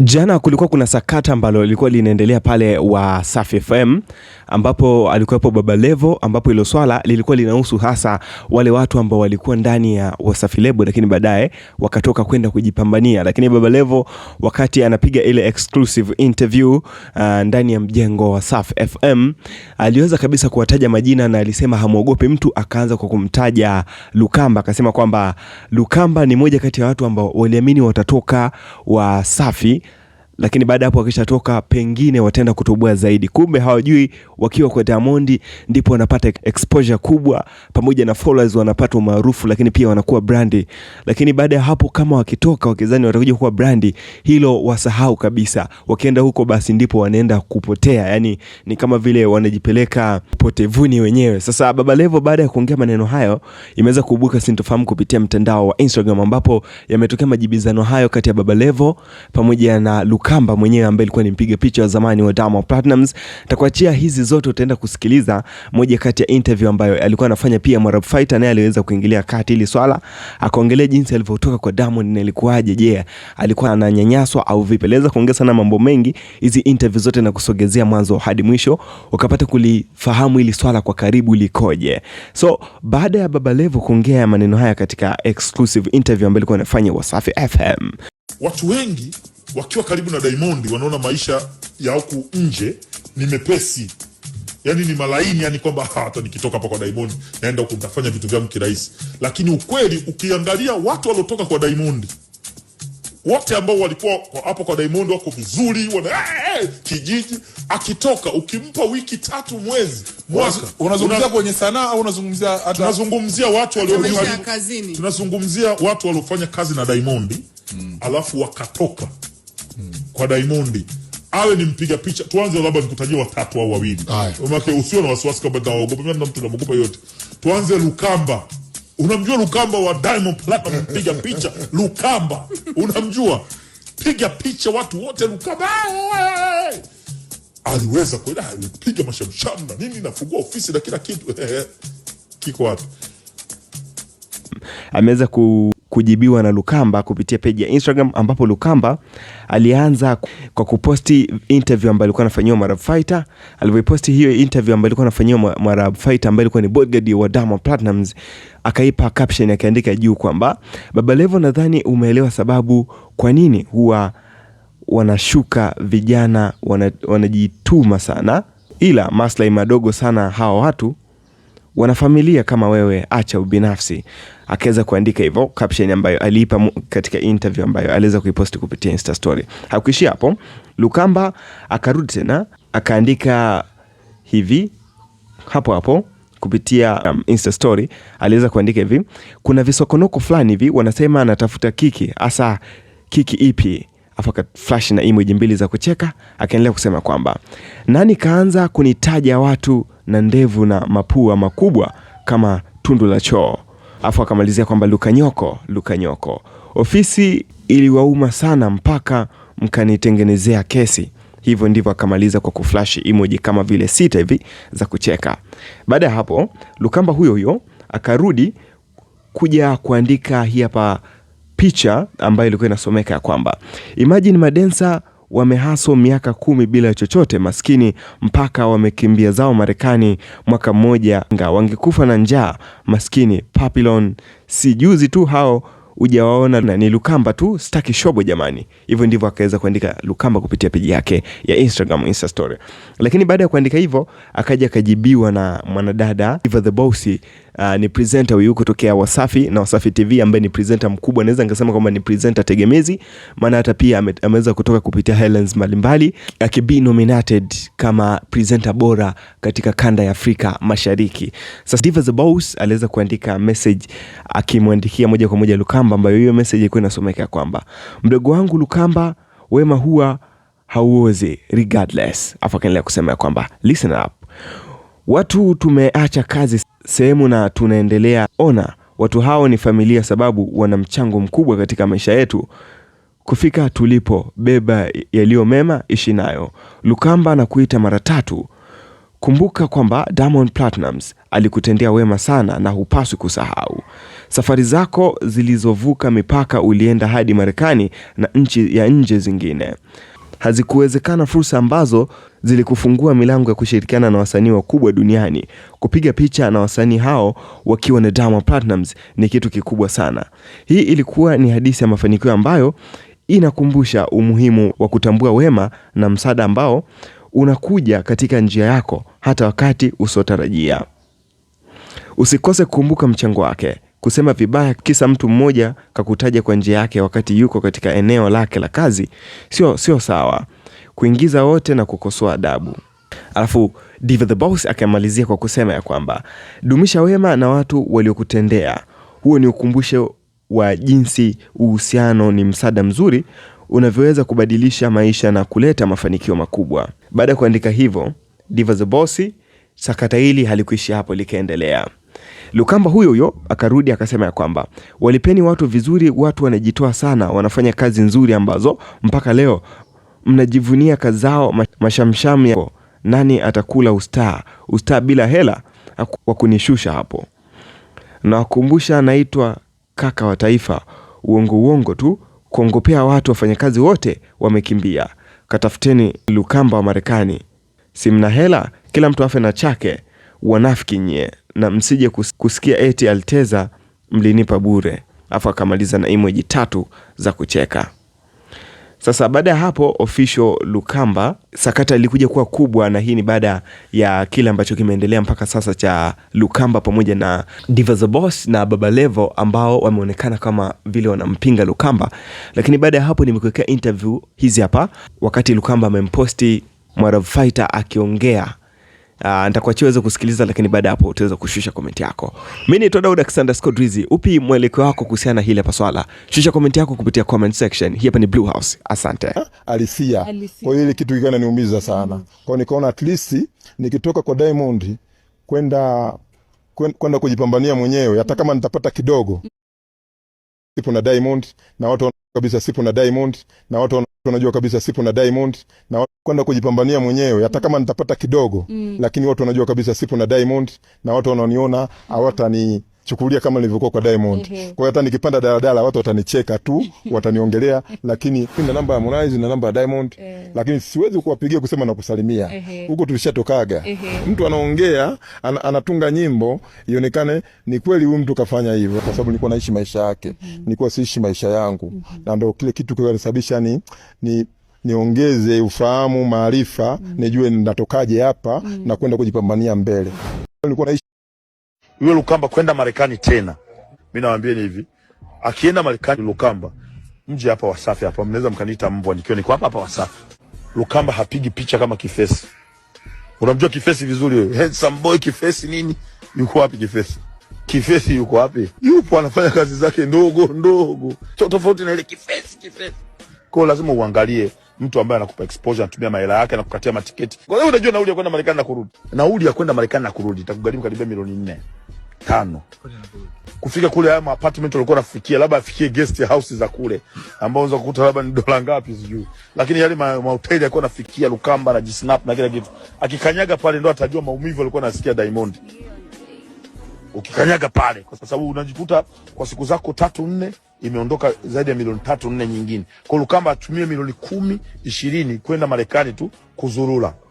Jana kulikuwa kuna sakata ambalo lilikuwa linaendelea pale Wasafi FM ambapo alikuwepo Baba Levo, ambapo hilo swala lilikuwa linahusu hasa wale watu ambao walikuwa ndani ya Wasafi Lebo, lakini baadaye wakatoka kwenda kujipambania. Lakini Baba Levo wakati anapiga ile exclusive interview uh, ndani ya mjengo wa Wasafi FM aliweza kabisa kuwataja majina na alisema hamwogopi mtu, akaanza kwa kumtaja Lukamba, akasema kwamba Lukamba ni moja kati ya watu ambao waliamini watatoka Wasafi lakini baada ya hapo wakishatoka pengine wataenda kutoboa zaidi. Kumbe hawajui wakiwa kwa Diamond ndipo wanapata exposure kubwa, pamoja na followers wanapata umaarufu, lakini pia wanakuwa brandi. Lakini baada ya hapo kama wakitoka wakizani watakuja kuwa brandi, hilo wasahau kabisa. Wakienda huko, basi ndipo wanaenda kupotea, yani ni kama vile wanajipeleka potevuni wenyewe. Sasa Baba Levo baada ya kuongea maneno hayo, imeweza kuibuka sintofahamu kupitia mtandao wa Instagram, ambapo yametokea majibizano hayo kati ya Baba Levo pamoja na Luka Makukamba mwenyewe ambaye alikuwa ni mpiga picha wa zamani wa Diamond Platnumz. Takuachia hizi zote, utaenda kusikiliza moja kati ya interview ambayo alikuwa anafanya. Pia Mwarabu Fighter naye aliweza kuingilia kati ili swala, akaongelea jinsi alivyotoka kwa Diamond na ilikuwaje. Je, yeah, alikuwa ananyanyaswa au vipi? Aliweza kuongea sana mambo mengi, hizi interview zote na kusogezea mwanzo hadi mwisho, ukapata kulifahamu ili swala kwa karibu likoje. So baada ya Baba Levo kuongea maneno haya katika exclusive interview ambayo alikuwa anafanya Wasafi FM, watu wengi wakiwa karibu na Diamond wanaona maisha ya huku nje ni mepesi, yani ni malaini, yani kwamba ah, hata nikitoka hapa kwa Diamond naenda huku nitafanya vitu vyangu kirahisi. Lakini ukweli ukiangalia watu waliotoka kwa Diamond wote ambao walikuwa hapo kwa Diamond wako vizuri, wana ah, ah, kijiji. Akitoka ukimpa wiki tatu, mwezi, mwaka, unazungumzia kwenye sanaa au unazungumzia hata, tunazungumzia watu waliofanya, tunazungumzia watu waliofanya kazi na Diamond mm, alafu wakatoka kwa Diamond awe ni mpiga picha, tuanze labda nikutajie watatu au wawili, maana usio na wasiwasi kwamba naogopa mimi, na mtu naogopa yote. Tuanze Lukamba, unamjua Lukamba wa Diamond Platinum, mpiga picha Lukamba, unamjua piga picha watu wote Lukamba aliweza kwenda ah, alipiga mashamsham na nini, nafungua ofisi na kila kitu kiko wapi? ameweza ku kujibiwa na Lukamba kupitia peji ya Instagram, ambapo Lukamba alianza kwa kuposti interview ambayo alikuwa anafanyiwa Marab Fighter. Alivyoposti hiyo interview ambayo alikuwa anafanyiwa Marab Fighter, ambaye alikuwa ni bodyguard wa Diamond Platnumz, akaipa caption akaandika juu kwamba Baba Levo, nadhani umeelewa sababu kwa nini huwa wanashuka vijana wanajituma sana, ila maslahi madogo sana hawa watu wanafamilia kama wewe, acha ubinafsi. Akaweza kuandika hivyo caption ambayo aliipa katika interview ambayo aliweza kuiposti kupitia Insta story. Hakuishia hapo, Lukamba akarudi tena akaandika hivi hapo hapo kupitia um, Insta story aliweza kuandika hivi, kuna visokonoko fulani hivi wanasema anatafuta kiki, hasa kiki ipi? Afaka flash na emoji mbili za kucheka, akaendelea kusema kwamba nani kaanza kunitaja watu na ndevu na mapua makubwa kama tundu la choo. Afu akamalizia kwamba Lukanyoko, Lukanyoko, ofisi iliwauma sana mpaka mkanitengenezea kesi. Hivyo ndivyo akamaliza kwa kuflashi emoji kama vile sita hivi za kucheka. Baada ya hapo, Lukamba huyo huyo akarudi kuja kuandika hii hapa picha ambayo ilikuwa inasomeka ya kwamba imagine madensa wamehaswa miaka kumi bila chochote maskini, mpaka wamekimbia zao Marekani mwaka mmoja, wangekufa na njaa maskini. Papillon si juzi tu hao ujawaona na ni Lukamba tu, staki shobo jamani. Hivyo ndivyo akaweza kuandika Lukamba kupitia peji yake ya Instagram, Insta story. Lakini baada ya kuandika hivyo, akaja akajibiwa na mwanadada Eva the Bossy, uh, ni presenter huyu kutokea Wasafi na Wasafi TV ambaye ni presenter mkubwa, naweza nikasema kwamba ni presenter tegemezi, maana hata pia ameweza kutoka kupitia headlines mbalimbali akibi nominated kama presenter bora katika kanda ya Afrika Mashariki. Sasa Diva the Boss aliweza kuandika message akimwandikia moja kwa moja Lukamba, ambayo hiyo message ilikuwa inasomeka kwamba mdogo wangu Lukamba, wema huwa hauozi regardless. Afu akaendelea kusema ya kwamba listen up, watu tumeacha kazi sehemu na tunaendelea. Ona, watu hao ni familia, sababu wana mchango mkubwa katika maisha yetu kufika tulipo. Beba yaliyo mema, ishi nayo. Lukamba na kuita mara tatu. Kumbuka kwamba Diamond Platnumz alikutendea wema sana na hupaswi kusahau. Safari zako zilizovuka mipaka, ulienda hadi Marekani na nchi ya nje zingine hazikuwezekana fursa ambazo zilikufungua milango ya kushirikiana na wasanii wakubwa duniani. Kupiga picha na wasanii hao wakiwa na Diamond Platnumz ni kitu kikubwa sana. Hii ilikuwa ni hadithi ya mafanikio ambayo inakumbusha umuhimu wa kutambua wema na msaada ambao unakuja katika njia yako hata wakati usiotarajia. Usikose kukumbuka mchango wake. Kusema vibaya kisa mtu mmoja kakutaja kwa njia yake wakati yuko katika eneo lake la kazi sio, sio sawa. Kuingiza wote na kukosoa adabu. Alafu Diva the Boss akamalizia kwa kusema ya kwamba dumisha wema na watu waliokutendea. Huo ni ukumbusho wa jinsi uhusiano ni msaada mzuri unavyoweza kubadilisha maisha na kuleta mafanikio makubwa. Baada ya kuandika hivyo, Diva the Boss, sakata hili halikuishi hapo, likaendelea. Lukamba huyo huyo akarudi akasema ya kwamba walipeni watu vizuri, watu wanajitoa sana, wanafanya kazi nzuri ambazo mpaka leo mnajivunia kazi zao mashamsham yao. Nani atakula ustaa? Ustaa bila hela wa kunishusha hapo. Nawakumbusha, naitwa kaka wa taifa. Uongo uongo tu kuongopea watu, wafanyakazi wote wamekimbia. Katafuteni Lukamba wa Marekani, si mna hela? Kila mtu afe na chake, wanafiki nyie na msije kusikia eti Alteza mlinipa bure, afu akamaliza na emoji tatu za kucheka. Sasa baada ya hapo official Lukamba sakata ilikuja kuwa kubwa, na hii ni baada ya kile ambacho kimeendelea mpaka sasa cha Lukamba pamoja na Diva the Boss na Baba Levo ambao wameonekana kama vile wanampinga Lukamba. Lakini baada ya hapo nimekuwekea interview hizi hapa, wakati Lukamba amemposti Mwarabu Fighter akiongea Uh, ah, nitakuachia uweze kusikiliza, lakini baada hapo utaweza kushusha komenti yako. Mimi ni Todd Alexander Drizzy. Upi mwelekeo wako kuhusiana hili hapa swala? Shusha komenti yako kupitia comment section. Hii hapa ni Blue House. Asante. Ah, alisia. Kwa hiyo ile kitu kikana niumiza sana. Mm. Kwa nikaona at least nikitoka kwa Diamond kwenda kwenda kujipambania mwenyewe hata kama nitapata kidogo. Sipo na Diamond na watu kabisa, sipo na Diamond na watu wanajua kabisa, sipo na Diamond na watu kwenda kujipambania mwenyewe hata mm. kama nitapata kidogo mm. Lakini watu wanajua kabisa sipo na Diamond na watu wanaoniona mm. chukulia kama nilivyokuwa kwa Diamond. Kwa hiyo hata nikipanda daladala watu watanicheka tu, wataniongelea, lakini na namba ya Harmonize na namba ya Diamond, eh. lakini siwezi kuwapigia kusema na kusalimia. Huko tulishatokaga. Mtu anaongea an, anatunga nyimbo ionekane ni kweli huyu mtu kafanya hivyo, kwa sababu nilikuwa naishi maisha yake, mm-hmm. nilikuwa siishi maisha yangu, mm-hmm. na ndio kile kitu kilisababisha ni ni niongeze ufahamu, maarifa mm. nijue ninatokaje hapa mm. na kwenda kujipambania mbele. Nilikuwa naishi yule Lukamba kwenda Marekani tena, mimi nawaambieni hivi, akienda Marekani Lukamba, mje hapa Wasafi hapa, mnaweza mkaniita mbwa nikiwa niko hapa hapa Wasafi. Lukamba hapigi picha kama Kifesi. Unamjua Kifesi vizuri wewe, handsome boy Kifesi nini? Yuko wapi Kifesi? Kifesi yuko wapi? Yupo anafanya kazi zake ndogo ndogo, tofauti na ile Kifesi Kifesi. kwao lazima uangalie mtu ambaye anakupa exposure, anatumia mahela yake, anakukatia matiketi. Kwa hiyo unajua nauli ya kwenda Marekani na kurudi, nauli ya kwenda Marekani na kurudi itakugharimu karibia milioni nne tano kufika kule. Haya apartment walikuwa nafikia, labda afikie guest house za kule ambao unaweza kukuta labda ni dola ngapi sijui, lakini yale mahoteli ma alikuwa nafikia Lukamba na Jisnap na kila kitu, akikanyaga pale ndo atajua maumivu alikuwa anasikia Diamond ukikanyaga pale, kwa sababu unajikuta kwa siku zako tatu nne imeondoka zaidi ya milioni tatu nne nyingine. Kwa hiyo Lukamba atumie milioni kumi ishirini kwenda Marekani tu kuzurura.